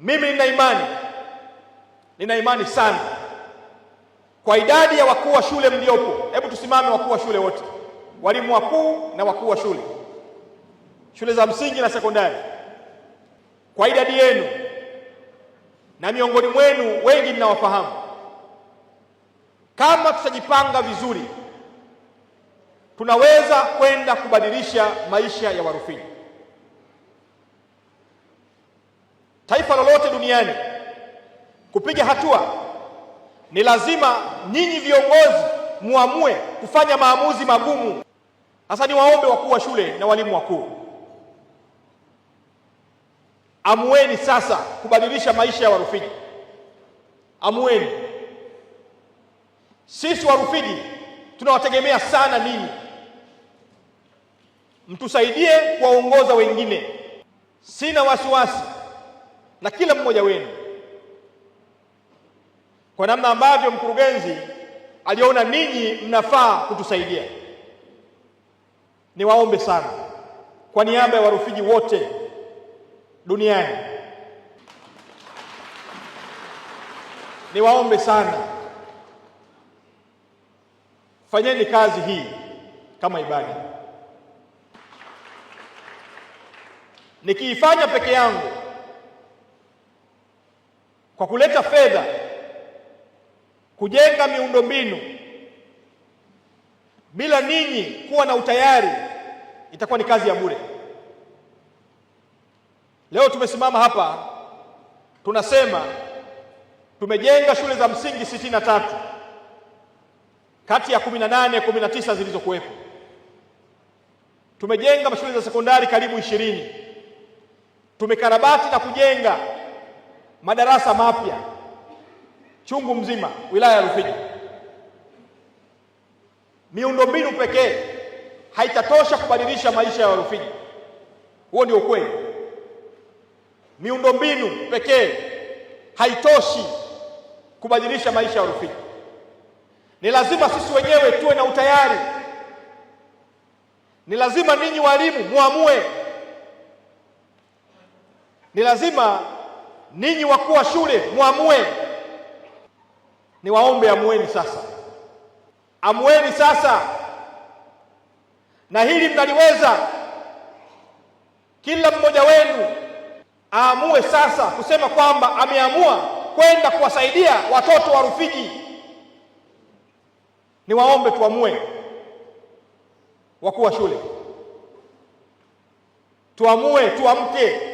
Mimi nina imani, nina imani sana kwa idadi ya wakuu wa shule mliopo. Hebu tusimame, wakuu wa shule wote, walimu wakuu na wakuu wa shule, shule za msingi na sekondari, kwa idadi yenu, na miongoni mwenu wengi ninawafahamu. Kama tutajipanga vizuri, tunaweza kwenda kubadilisha maisha ya Warufiji. taifa lolote duniani kupiga hatua, ni lazima nyinyi viongozi muamue kufanya maamuzi magumu. Sasa niwaombe wakuu wa shule na walimu wakuu, amueni sasa kubadilisha maisha ya Warufiji. Amueni, sisi Warufiji tunawategemea sana ninyi, mtusaidie kuwaongoza wengine. Sina wasiwasi na kila mmoja wenu kwa namna ambavyo mkurugenzi aliona ninyi mnafaa kutusaidia. Niwaombe sana kwa niaba ya warufiji wote duniani, niwaombe sana, fanyeni kazi hii kama ibada. Nikiifanya peke yangu kwa kuleta fedha kujenga miundombinu. Bila ninyi kuwa na utayari, itakuwa ni kazi ya bure. Leo tumesimama hapa tunasema tumejenga shule za msingi sitini na tatu kati ya kumi na nane kumi na tisa zilizokuwepo. Tumejenga shule za sekondari karibu ishirini. Tumekarabati na kujenga madarasa mapya chungu mzima wilaya ya Rufiji. Miundombinu pekee haitatosha kubadilisha maisha ya Warufiji, huo ndio ukweli. Miundombinu pekee haitoshi kubadilisha maisha ya Warufiji. Ni lazima sisi wenyewe tuwe na utayari, ni lazima ninyi walimu muamue, ni lazima Ninyi wakuu wa shule muamue, niwaombe amueni sasa, amueni sasa, na hili mnaliweza. Kila mmoja wenu aamue sasa kusema kwamba ameamua kwenda kuwasaidia watoto wa Rufiji. niwaombe tuamue, wakuu wa shule tuamue, tuamke.